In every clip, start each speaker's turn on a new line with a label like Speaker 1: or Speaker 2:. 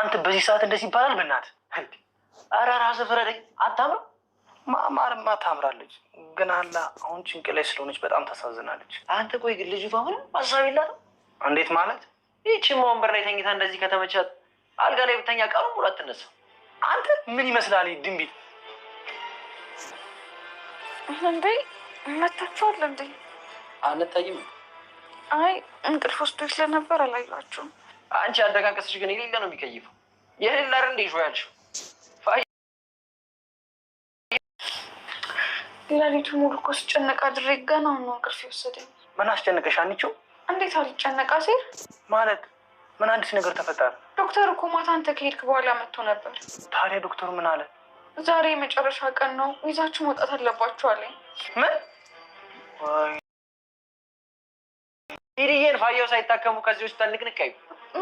Speaker 1: አንተ በዚህ ሰዓት እንደዚህ ይባላል? ብናት ኧረ ራስህ ፍረደኝ። አታምርም፣
Speaker 2: ማማርማ ታምራለች። ግን አላ አሁን ጭንቅ ላይ ስለሆነች በጣም ታሳዝናለች።
Speaker 1: አንተ ቆይ ግን ልጅቷ አሁንም ሀሳብ ላ እንዴት ማለት? ይቺ ወንበር ላይ ተኝታ እንደዚህ ከተመቻት አልጋ ላይ ብተኛ ቀኑ ሙሉ አትነሳ። አንተ ምን ይመስላል ድንቢት
Speaker 3: እንዴ? መታችኋል እንዴ? አንታይም። አይ እንቅልፍ ውስጥ ስለነበር አላየኋቸውም።
Speaker 1: አንቺ አደቃቀስሽ ግን የሌለ ነው የሚቀይፈው የሌለ አር እንደ ይሾ ያልሽው
Speaker 3: ለሊቱ ሙሉ እኮ ስጨነቅ አድሬ ገና ነው እንቅልፍ የወሰደኝ።
Speaker 1: ምን አስጨነቀሽ አንቺው?
Speaker 3: እንዴት አልጨነቃ ሲል
Speaker 1: ማለት ምን አዲስ ነገር ተፈጠረ?
Speaker 3: ዶክተር እኮ ማታ አንተ ከሄድክ በኋላ መጥቶ ነበር።
Speaker 1: ታዲያ ዶክተሩ ምን አለ?
Speaker 3: ዛሬ የመጨረሻ ቀን ነው ይዛችሁ መውጣት አለባችሁ አለኝ።
Speaker 1: ምን ሂድዬን ፋየው ሳይታከሙ ከዚህ ውስጥ ንቅንቅ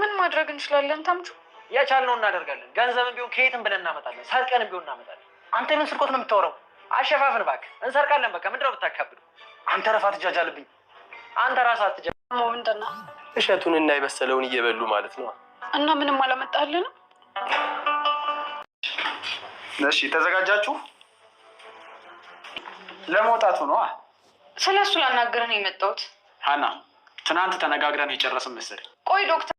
Speaker 3: ምን ማድረግ እንችላለን? ታምቹ
Speaker 1: የቻልነው እናደርጋለን። ገንዘብን ቢሆን ከየትም ብለን እናመጣለን። ሰርቀንም ቢሆን እናመጣለን። አንተ ምን ስርቆት ነው የምታወራው? አሸፋፍን እባክህ። እንሰርቃለን። በቃ ምንድነው ብታካብዱ? አንተ ረፋ ትጃጅ አለብኝ። አንተ ራስህ አትጃጅ።
Speaker 2: እሸቱን እና የበሰለውን እየበሉ ማለት ነው።
Speaker 3: እና ምንም አላመጣልንም።
Speaker 2: እሺ ተዘጋጃችሁ? ለመውጣቱ ነው?
Speaker 3: ስለ እሱ ላናግርህ የመጣሁት።
Speaker 2: ሀና፣ ትናንት ተነጋግረን የጨረስን መሰለኝ።
Speaker 3: ቆይ ዶክተር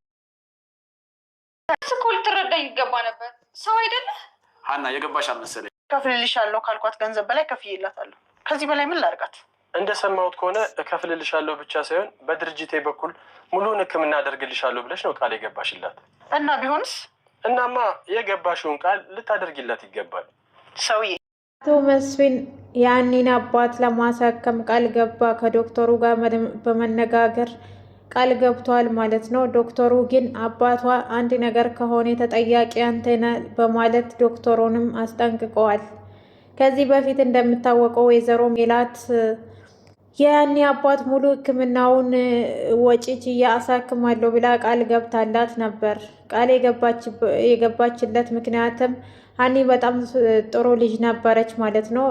Speaker 3: ስኮ ልትረዳኝ ይገባ ነበር። ሰው አይደለ
Speaker 2: ሀና፣ የገባሽ አልመሰለኝ።
Speaker 3: ከፍልልሻለሁ ካልኳት ገንዘብ በላይ ከፍዬላታለሁ። ከዚህ በላይ ምን ላድርጋት?
Speaker 2: እንደሰማሁት ከሆነ እከፍልልሻለሁ ብቻ ሳይሆን በድርጅቴ በኩል ሙሉውን ሕክምና አደርግልሻለሁ ብለሽ ነው ቃል የገባሽላት እና ቢሆንስ? እናማ የገባሽውን ቃል ልታደርግላት ይገባል።
Speaker 3: ሰውዬ
Speaker 4: አቶ መስፍን ያኒን አባት ለማሳከም ቃል ገባ ከዶክተሩ ጋር በመነጋገር ቃል ገብቷል ማለት ነው። ዶክተሩ ግን አባቷ አንድ ነገር ከሆነ ተጠያቂ አንተነ በማለት ዶክተሩንም አስጠንቅቀዋል። ከዚህ በፊት እንደምታወቀው ወይዘሮ ሜላት የያኔ አባት ሙሉ ሕክምናውን ወጪ ችዬ አሳክማለሁ ብላ ቃል ገብታላት ነበር። ቃል የገባችለት ምክንያትም ሀኒ በጣም ጥሩ ልጅ ነበረች ማለት ነው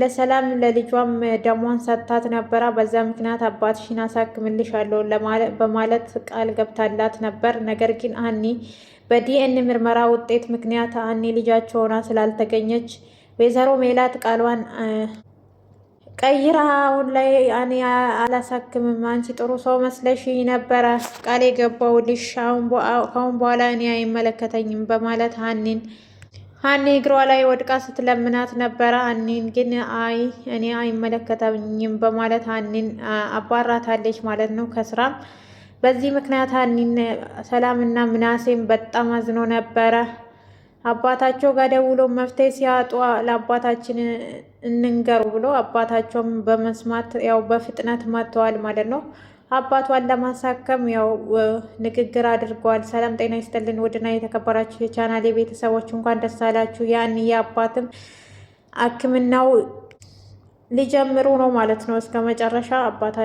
Speaker 4: ለሰላም ለልጇም ደሟን ሰጥታት ነበረ። በዛ ምክንያት አባትሽን አሳክምልሻለሁ በማለት ቃል ገብታላት ነበር። ነገር ግን አኒ በዲኤን ምርመራ ውጤት ምክንያት አኒ ልጃቸው ሆና ስላልተገኘች ወይዘሮ ሜላት ቃሏን ቀይራ አሁን ላይ እኔ አላሳክምም። አንቺ ጥሩ ሰው መስለሽ ነበረ ቃል የገባሁልሽ፣ ከአሁን በኋላ እኔ አይመለከተኝም በማለት ሀኒን ሀኒ እግሯ ላይ ወድቃ ስትለምናት ነበረ። ሀኒን ግን አይ እኔ አይመለከተኝም በማለት ሀኒን አባራታለች ማለት ነው ከስራ። በዚህ ምክንያት ሀኒን ሰላምና ምናሴም በጣም አዝኖ ነበረ። አባታቸው ጋር ደውሎ መፍትሄ ሲያጡ ለአባታችን እንንገሩ ብሎ አባታቸውም በመስማት ያው በፍጥነት መጥተዋል ማለት ነው። አባቷን ለማሳከም ያው ንግግር አድርጓል። ሰላም ጤና ይስጥልን ውድና የተከበራችሁ የቻናሌ ቤተሰቦች እንኳን ደስ አላችሁ። ያን የአባትም ሕክምናው ሊጀምሩ ነው ማለት ነው። እስከ መጨረሻ አባቷ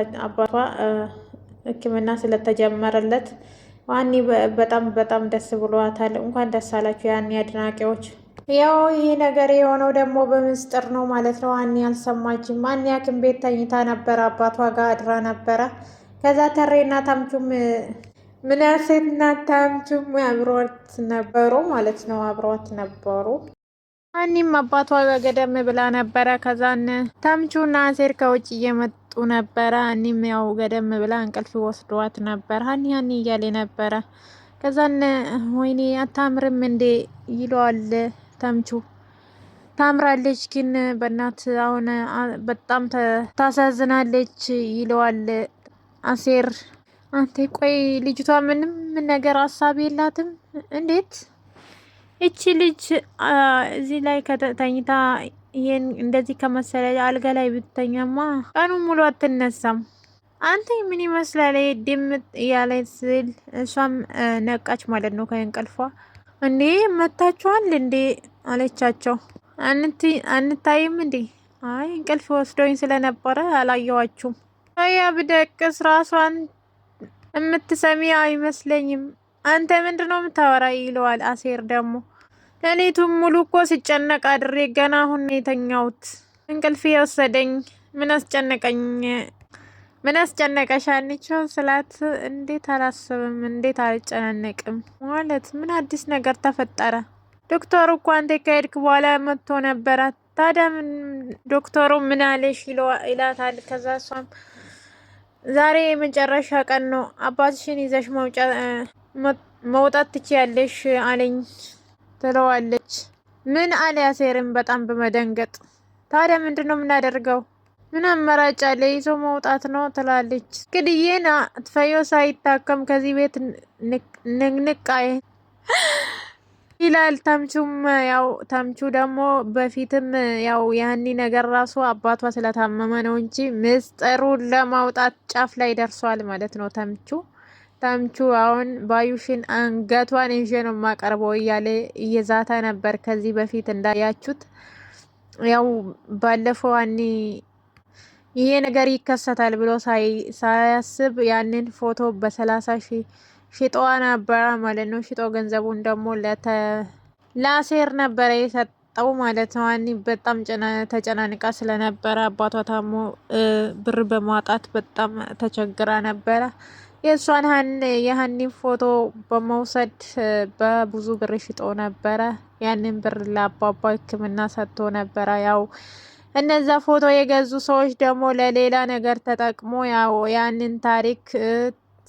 Speaker 4: ሕክምና ስለተጀመረለት ዋኒ በጣም በጣም ደስ ብሏታል። እንኳን ደስ አላችሁ ያኔ አድናቂዎች። ያው ይህ ነገር የሆነው ደግሞ በምስጢር ነው ማለት ነው። ዋኒ አልሰማችም። ዋኒ ሐኪም ቤት ተኝታ ነበረ፣ አባቷ ጋር አድራ ነበረ። ከዛ ተሬና ታምቹም ምናሴና ታምቹም አብሮት ነበሩ ማለት ነው። አብሮት ነበሩ። አኒም አባቷ ገደም ብላ ነበረ። ከዛን ታምቹና አሴር ከውጭ እየመጡ ነበረ። አኒም ያው ገደም ብላ እንቅልፍ ወስዷት ነበር። አኒ አኒ እያሌ ነበረ። ከዛን ወይኔ አታምርም እንዴ ይለዋል ታምቹ። ታምራለች ግን በእናት አሁን በጣም ታሳዝናለች ይለዋል አሴር
Speaker 3: አንተ ቆይ ልጅቷ ምንም ነገር ሀሳብ የላትም እንዴት
Speaker 4: እቺ ልጅ እዚህ ላይ ከተኝታ ይሄን እንደዚህ ከመሰለ አልጋ ላይ ብትተኛማ ቀኑ ሙሉ አትነሳም። አንተ ምን ይመስላል ድምጥ እያለ ስል እሷም ነቃች ማለት ነው ከእንቅልፏ። እንዴ መታችኋል እንዴ አለቻቸው። አንታይም እንዴ? አይ እንቅልፍ ወስዶኝ ስለነበረ አላየዋችሁም። አያ ብደቅስ ራሷን የምትሰሚ አይመስለኝም። አንተ ምንድን ነው የምታወራ? ይለዋል አሴር ደግሞ ሌሊቱን ሙሉ እኮ ሲጨነቅ አድሬ ገና አሁን የተኛሁት እንቅልፍ የወሰደኝ ምን አስጨነቀኝ? ምን አስጨነቀሽ? አንቺው ስላት እንዴት አላስብም፣ እንዴት አልጨናነቅም ማለት ምን አዲስ ነገር ተፈጠረ? ዶክተሩ እኮ አንተ ከሄድክ በኋላ መጥቶ ነበራት። ታዲያ ዶክተሩ ምን አለሽ? ይላታል ከዛ እሷም ዛሬ የመጨረሻ ቀን ነው። አባትሽን ይዘሽ መውጣት ትችያለሽ አለኝ ትለዋለች። ምን አለ ያሴርም በጣም በመደንገጥ ታዲያ ምንድን ነው የምናደርገው? ምን አማራጭ አለ? ይዞ መውጣት ነው ትላለች። እንግዲህ ትፈዮ ሳይታከም ከዚህ ቤት ንቅንቃይ ይላል ታምቹም። ያው ታምቹ ደግሞ በፊትም ያው ያኒ ነገር ራሱ አባቷ ስለታመመ ነው እንጂ ምስጢሩን ለማውጣት ጫፍ ላይ ደርሷል ማለት ነው ታምቹ ታምቹ አሁን ባዩሽን አንገቷን ይዤ ነው የማቀርበው እያለ እየዛተ ነበር። ከዚህ በፊት እንዳያችሁት ያው ባለፈው አኒ ይሄ ነገር ይከሰታል ብሎ ሳያስብ ያንን ፎቶ በሰላሳ ሺህ ሽጦ ነበረ ማለት ነው። ሽጦ ገንዘቡን ደግሞ ለአሴር ነበረ የሰጠው ማለት ነው። በጣም ተጨናንቃ ስለነበረ አባቷ ታሞ ብር በማውጣት በጣም ተቸግራ ነበረ። የእሷን የሀኒን ፎቶ በመውሰድ በብዙ ብር ሽጦ ነበረ። ያንን ብር ለአባባ ሕክምና ሰጥቶ ነበረ። ያው እነዛ ፎቶ የገዙ ሰዎች ደግሞ ለሌላ ነገር ተጠቅሞ ያው ያንን ታሪክ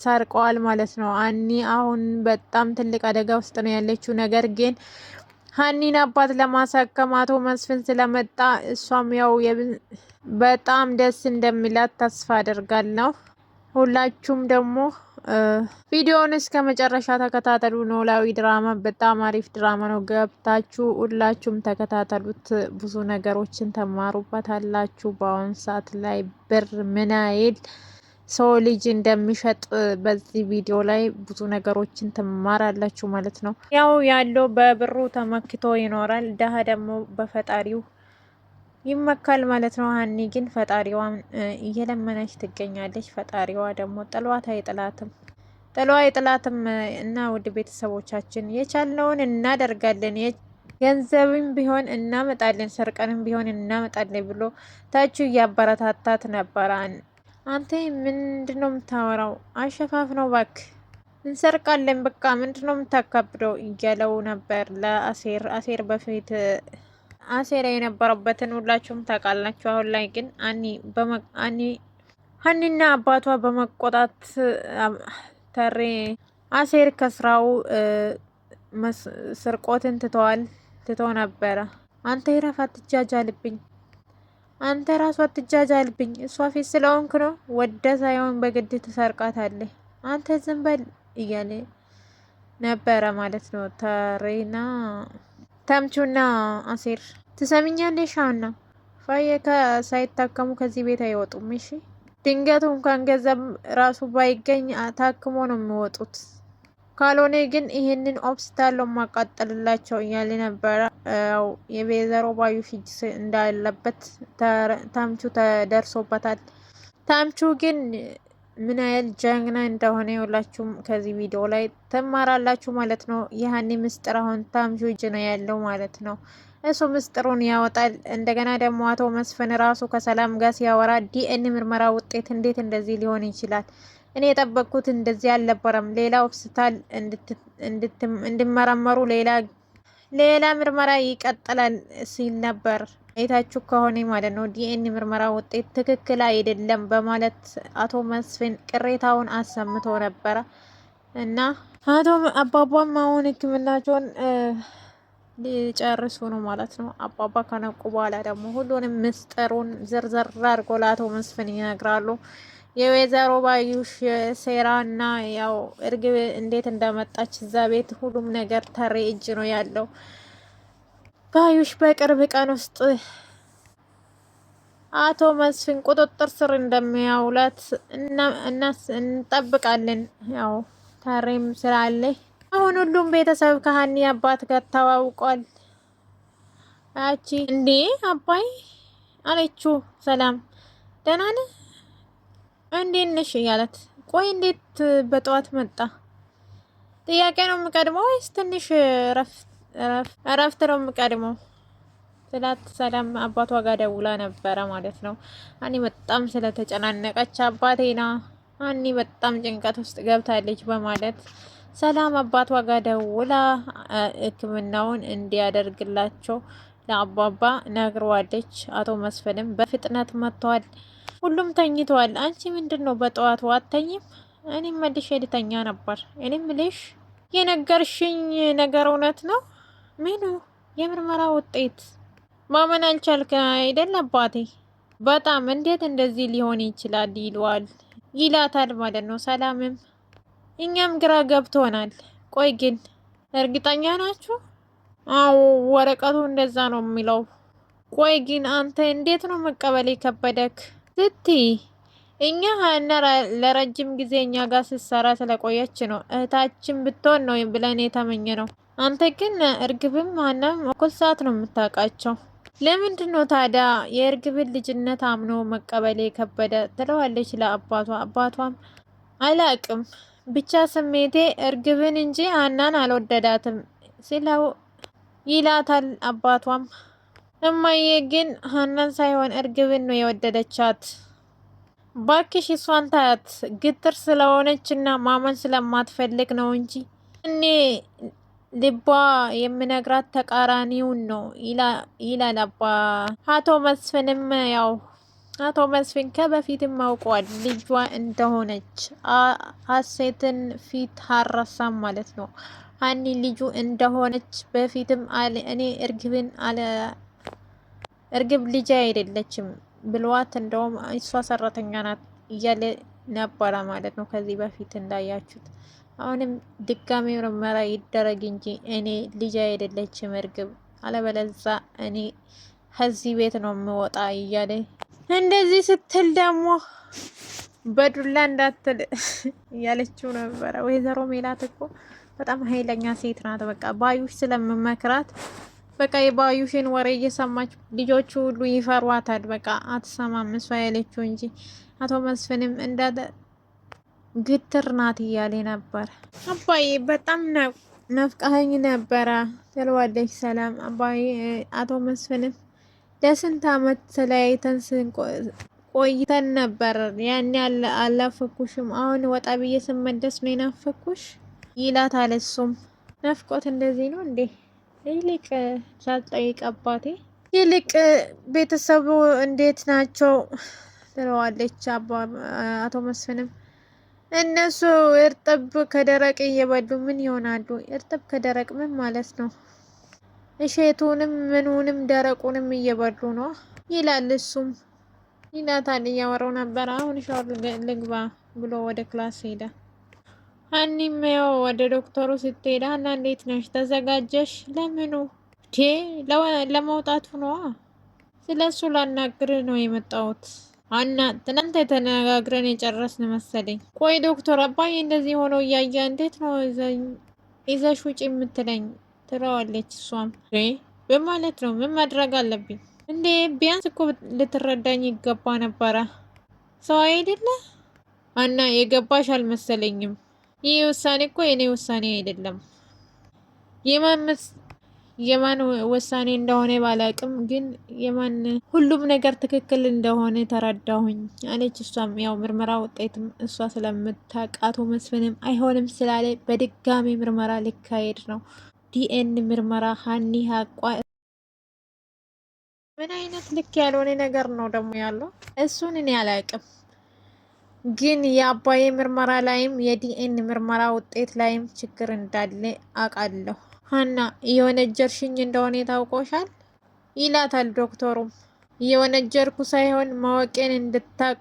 Speaker 4: ሰርቀዋል ማለት ነው። አኒ አሁን በጣም ትልቅ አደጋ ውስጥ ነው ያለችው። ነገር ግን ሀኒን አባት ለማሳከም አቶ መስፍን ስለመጣ እሷም ያው በጣም ደስ እንደሚላት ተስፋ ነው ሁላችሁም ደግሞ ቪዲዮውን እስከ መጨረሻ ተከታተሉ። ኖላዊ ድራማ በጣም አሪፍ ድራማ ነው። ገብታችሁ ሁላችሁም ተከታተሉት። ብዙ ነገሮችን ተማሩበታላችሁ። በአሁን በአሁኑ ሰዓት ላይ ብር ምን ያህል ሰው ልጅ እንደሚሸጥ በዚህ ቪዲዮ ላይ ብዙ ነገሮችን ትማራላችሁ ማለት ነው። ያው ያለው በብሩ ተመክቶ ይኖራል፣ ድሀ ደግሞ በፈጣሪው ይመካል ማለት ነው። ሀኒ ግን ፈጣሪዋን እየለመነች ትገኛለች። ፈጣሪዋ ደግሞ ጥሏት አይጥላትም፣ ጥሏ አይጥላትም። እና ውድ ቤተሰቦቻችን የቻልነውን እናደርጋለን ገንዘብም ቢሆን እናመጣለን፣ ሰርቀንም ቢሆን እናመጣለን ብሎ ታችሁ እያበረታታት ነበራን። አንተ ምንድን ነው የምታወራው? አሸፋፍ ነው ባክ፣ እንሰርቃለን በቃ ምንድን ነው የምታካብደው? እያለው ነበር ለአሴር። አሴር በፊት አሴር የነበረበትን ሁላችሁም ታውቃላችሁ። አሁን ላይ ግን አኒ አኒ ሀኒና አባቷ በመቆጣት ተሬ አሴር ከስራው ስርቆትን ትተዋል ትቶ ነበረ። አንተ የረፋት ልብኝ አንተ ራሱ አትጃጃልብኝ። እሷ ፊት ስለሆንክ ነው ወደ ሳይሆን በግድ ትሰርቃታለ አንተ ዝም በል እያለ ነበረ ማለት ነው። ተሬና ተምቹና አሴር ትሰሚኛለሽ? ሻና ፋየ ሳይታከሙ ከዚህ ቤት አይወጡም። እሺ ድንገቱ እንኳን ገንዘብ ራሱ ባይገኝ ታክሞ ነው የሚወጡት። ካልሆነ ግን ይህንን ኦብስታሎ ማቃጠልላቸው እያለ ነበረ የወይዘሮ ባዩሽ እጅ እንዳለበት ታምቹ ተደርሶበታል። ታምቹ ግን ምን ያህል ጀግና እንደሆነ የሁላችሁም ከዚህ ቪዲዮ ላይ ትማራላችሁ ማለት ነው። ይህን ምስጢር አሁን ታምቹ እጅ ነው ያለው ማለት ነው። እሱ ምስጢሩን ያወጣል። እንደገና ደግሞ አቶ መስፍን ራሱ ከሰላም ጋር ሲያወራ ዲኤን ምርመራ ውጤት እንዴት እንደዚህ ሊሆን ይችላል? እኔ የጠበቅኩት እንደዚህ አልነበረም። ሌላ ሆስፒታል እንድመረመሩ ሌላ ሌላ ምርመራ ይቀጥላል ሲል ነበር። አይታችሁ ከሆነ ማለት ነው ዲኤን ምርመራ ውጤት ትክክል አይደለም በማለት አቶ መስፍን ቅሬታውን አሰምቶ ነበረ እና አቶ አባቧም አሁን ሕክምናቸውን ሊጨርሱ ነው ማለት ነው። አባባ ከነቁ በኋላ ደግሞ ሁሉንም ምስጢሩን ዝርዝር አድርጎ ለአቶ መስፍን ይነግራሉ። የወይዘሮ ባዩሽ ሴራ እና ያው እርግብ እንዴት እንደመጣች እዛ ቤት ሁሉም ነገር ተሬ እጅ ነው ያለው። ባዩሽ በቅርብ ቀን ውስጥ አቶ መስፍን ቁጥጥር ስር እንደሚያውላት እናስ እንጠብቃለን። ያው ተሬም ስላለ አሁን ሁሉም ቤተሰብ ከሀኒ አባት ጋር ተዋውቋል። አቺ እንዴ አባይ አለችው ሰላም ደህና ነህ እንዴት ነሽ እያላት ቆይ እንዴት በጠዋት መጣ? ጥያቄ ነው የምቀድመው ወይስ ትንሽ እረፍት ነው የምቀድመው? ስላት ሰላም አባቷ ጋር ደውላ ነበረ ማለት ነው። አኒ በጣም ስለተጨናነቀች አባቴና አኒ በጣም ጭንቀት ውስጥ ገብታለች በማለት ሰላም አባቷ ጋር ደውላ ሕክምናውን እንዲያደርግላቸው ለአባባ ነግረዋለች። አቶ መስፍንም በፍጥነት መጥተዋል። ሁሉም ተኝተዋል። አንቺ ምንድን ነው በጠዋቱ አተኝም? እኔም መልሼ ልተኛ ነበር። እኔም ልሽ የነገርሽኝ ነገር እውነት ነው? ምኑ? የምርመራ ውጤት ማመን አልቻልክ አይደል? አባቴ በጣም እንዴት እንደዚህ ሊሆን ይችላል ይለዋል ይላታል ማለት ነው። ሰላምም እኛም ግራ ገብቶናል። ቆይ ግን እርግጠኛ ናችሁ አዎ ወረቀቱ እንደዛ ነው የሚለው። ቆይ ግን አንተ እንዴት ነው መቀበል የከበደክ? ስትይ እኛ ሀና ለረጅም ጊዜ እኛ ጋር ስትሰራ ስለቆየች ነው እህታችን ብትሆን ነው ብለን የተመኘ ነው። አንተ ግን እርግብም ሀናም እኩል ሰዓት ነው የምታውቃቸው። ለምንድን ነው ታዲያ የእርግብን ልጅነት አምኖ መቀበል የከበደ? ትለዋለች ለአባቷ። አባቷም አላቅም ብቻ ስሜቴ እርግብን እንጂ ሀናን አልወደዳትም ሲለው ይላታል አባቷም። እማዬ ግን ሀናን ሳይሆን እርግብን ነው የወደደቻት። ባክሽ እሷን ታያት ግትር ስለሆነች እና ማመን ስለማትፈልግ ነው እንጂ እኔ ልቧ የምነግራት ተቃራኒውን ነው ይላል አባ አቶ መስፍንም ያው አቶ መስፍን ከበፊትም አውቋል ልጇ እንደሆነች ሀሴትን ፊት አረሳም ማለት ነው። ሀኒ ልጁ እንደሆነች በፊትም እኔ እርግብን አለ እርግብ ልጅ አይደለችም ብሏት፣ እንደውም እሷ ሰራተኛ ናት እያለ ነበረ ማለት ነው። ከዚህ በፊት እንዳያችሁት አሁንም ድጋሚ ምርመራ ይደረግ እንጂ እኔ ልጅ አይደለችም እርግብ፣ አለበለዛ እኔ ከዚህ ቤት ነው የምወጣ እያለ እንደዚህ ስትል ደግሞ በዱላ እንዳትል እያለችው ነበረ። ወይዘሮ ሜላት እኮ በጣም ኃይለኛ ሴት ናት። በቃ ባዩሽ ስለምመክራት በቃ የባዩሽን ወሬ እየሰማች ልጆቹ ሁሉ ይፈሯታል። በቃ አትሰማም እሷ ያለችው እንጂ አቶ መስፍንም እንዳለ ግትር ናት እያለ ነበር። አባዬ በጣም ነፍቃኝ ነበረ ትለዋለች ሰላም። አባዬ አቶ መስፍንም ለስንት አመት ተለያይተን ቆይተን ነበር። ያን ያለ አላፈኩሽም። አሁን ወጣ ብዬ ስመደስ ነው የናፈኩሽ ይላታል። እሱም ናፍቆት እንደዚህ ነው እንዴ? ይልቅ ሳልጠይቅ አባቴ ይልቅ ቤተሰቡ እንዴት ናቸው ትለዋለች። አቶ መስፍንም እነሱ እርጥብ ከደረቅ እየበሉ ምን ይሆናሉ? እርጥብ ከደረቅ ምን ማለት ነው? እሸቱንም ምኑንም ደረቁንም እየበሉ ነው ይላል። እሱም ይላታል። እያወራው ነበር። አሁን ሻወር ልግባ ብሎ ወደ ክላስ ሄደ። ሀኒም ያው ወደ ዶክተሩ ስትሄድ ሀና እንዴት ነሽ? ተዘጋጀሽ? ለምኑ? ቴ ለመውጣቱ ነዋ። ስለ እሱ ላናግር ነው የመጣሁት። አና ትናንት የተነጋግረን የጨረስን መሰለኝ። ቆይ ዶክተር አባዬ እንደዚህ ሆኖ እያየ እንዴት ነው ይዘሽ ውጭ የምትለኝ? ትለዋለች እሷም በማለት ነው ምን ማድረግ አለብኝ እንዴ? ቢያንስ እኮ ልትረዳኝ ይገባ ነበረ። ሰው አይደለ አና የገባሽ አልመሰለኝም። ይህ ውሳኔ እኮ የኔ ውሳኔ አይደለም። የማን ውሳኔ እንደሆነ ባላቅም ግን የማን ሁሉም ነገር ትክክል እንደሆነ ተረዳሁኝ አለች። እሷም ያው ምርመራ ውጤትም እሷ ስለምታቃቶ መስፍንም አይሆንም ስላለ በድጋሚ ምርመራ ሊካሄድ ነው። ዲኤን ምርመራ ሀኒ ሀቋ ምን አይነት ልክ ያልሆነ ነገር ነው ደግሞ ያለው እሱን እኔ አላቅም። ግን የአባዬ ምርመራ ላይም የዲኤን ምርመራ ውጤት ላይም ችግር እንዳለ አውቃለሁ። ሀና የወነጀርሽኝ እንደሆነ ታውቆሻል ይላታል ዶክተሩም። የወነጀርኩ ሳይሆን ማወቄን እንድታቅ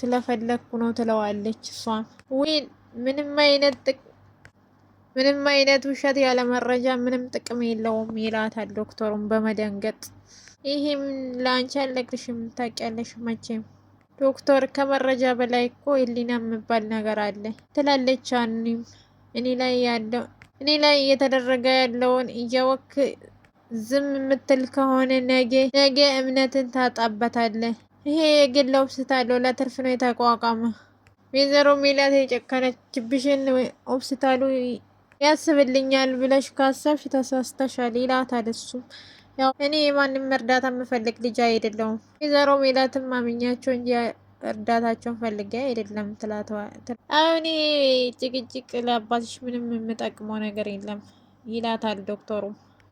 Speaker 4: ስለፈለግኩ ነው ትለዋለች። እሷም ዊን ምንም አይነት ውሸት ያለ መረጃ ምንም ጥቅም የለውም ይላታል ዶክተሩም በመደንገጥ ይህም ለአንቺ አልነግርሽም ታውቂያለሽ መቼም ዶክተር ከመረጃ በላይ እኮ ህሊና የምባል ነገር አለ ትላለች። አኒም እኔ ላይ ያለው እኔ ላይ እየተደረገ ያለውን እያወክ ዝም የምትል ከሆነ ነገ ነገ እምነትን ታጣበታለ። ይሄ የግል ውብስት አለው ለትርፍ ነው የተቋቋመ። ወይዘሮ ሜላት የጨከነችብሽን ሆስፒታሉ ያስብልኛል ብለሽ ካሰብሽ ተሳስተሻል ይላታል እሱም ያው እኔ የማንም እርዳታ የምፈልግ ልጅ አይደለሁም። ወይዘሮ ሜላትም ማምኛቸው እንጂ እርዳታቸውን ፈልጌ አይደለም ትላተዋል። አሁን ጭቅጭቅ ለአባትሽ ምንም የምጠቅመው ነገር የለም ይላታል ዶክተሩ።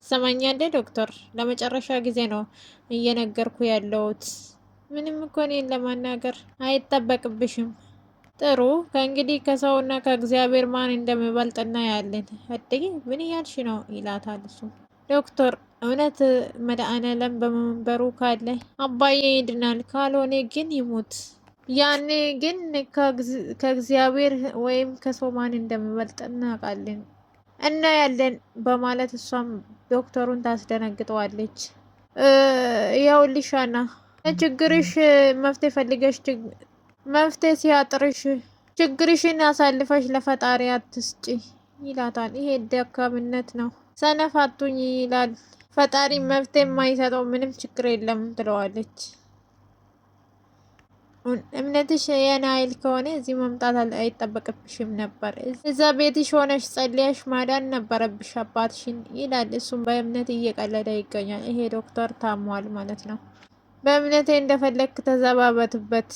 Speaker 4: ትሰማኛለህ ዶክተር፣ ለመጨረሻ ጊዜ ነው እየነገርኩ ያለሁት። ምንም እኮ እኔን ለማናገር አይጠበቅብሽም። ጥሩ ከእንግዲህ ከሰውና ከእግዚአብሔር ማን እንደምበልጥ ያለን። እድይ ምን ያልሽ ነው ይላታል እሱ ዶክተር እውነት መድኃኔዓለም በመንበሩ ካለ አባዬ ይድናል፣ ካልሆነ ግን ይሞት። ያኔ ግን ከእግዚአብሔር ወይም ከሰው ማን እናቃለን። እናውቃለን እና ያለን በማለት እሷም ዶክተሩን ታስደነግጠዋለች። ያው ልሻና ችግርሽ መፍትሄ ፈልገሽ መፍትሄ ሲያጥርሽ ችግርሽን አሳልፈሽ ለፈጣሪ አትስጪ ይላታል። ይሄ ደካምነት ነው፣ ሰነፍ አትሁኝ ይላል። ፈጣሪ መፍት የማይሰጠው ምንም ችግር የለም ትለዋለች። እምነትሽ ያን ያህል ከሆነ እዚህ መምጣት አይጠበቅብሽም ነበር። እዛ ቤትሽ ሆነሽ ጸልያሽ ማዳን ነበረብሽ አባትሽን ይላል። እሱም በእምነት እየቀለደ ይገኛል። ይሄ ዶክተር ታሟል ማለት ነው። በእምነቴ እንደፈለግ ተዘባበትበት።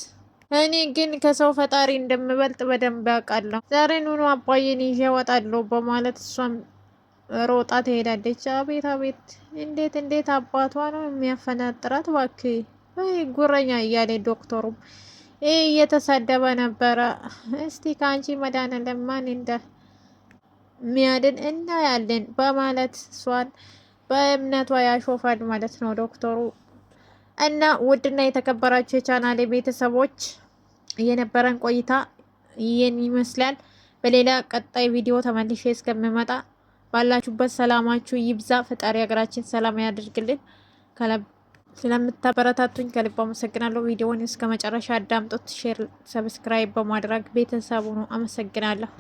Speaker 4: እኔ ግን ከሰው ፈጣሪ እንደምበልጥ በደንብ ያውቃለሁ። ዛሬ ኑኑ አባዬን ይዤ እወጣለሁ በማለት እሷም ሮጣ ትሄዳለች። አቤት አቤት፣ እንዴት እንዴት አባቷ ነው የሚያፈናጥራት ባክ ጉረኛ እያለ ዶክተሩም እየተሰደበ ነበረ። እስቲ ከአንቺ መዳን ለማን እንደ ሚያድን እናያለን በማለት እሷን በእምነቷ ያሾፋል ማለት ነው ዶክተሩ። እና ውድና የተከበራችሁ የቻናሌ ቤተሰቦች የነበረን ቆይታ ይህን ይመስላል። በሌላ ቀጣይ ቪዲዮ ተመልሼ እስከምመጣ ባላችሁበት ሰላማችሁ ይብዛ። ፈጣሪ ሀገራችን ሰላም ያደርግልን። ስለምታበረታቱኝ ከልብ አመሰግናለሁ። ቪዲዮውን እስከ መጨረሻ አዳምጡት፣ ሼር፣ ሰብስክራይብ በማድረግ ቤተሰቡ ነው። አመሰግናለሁ።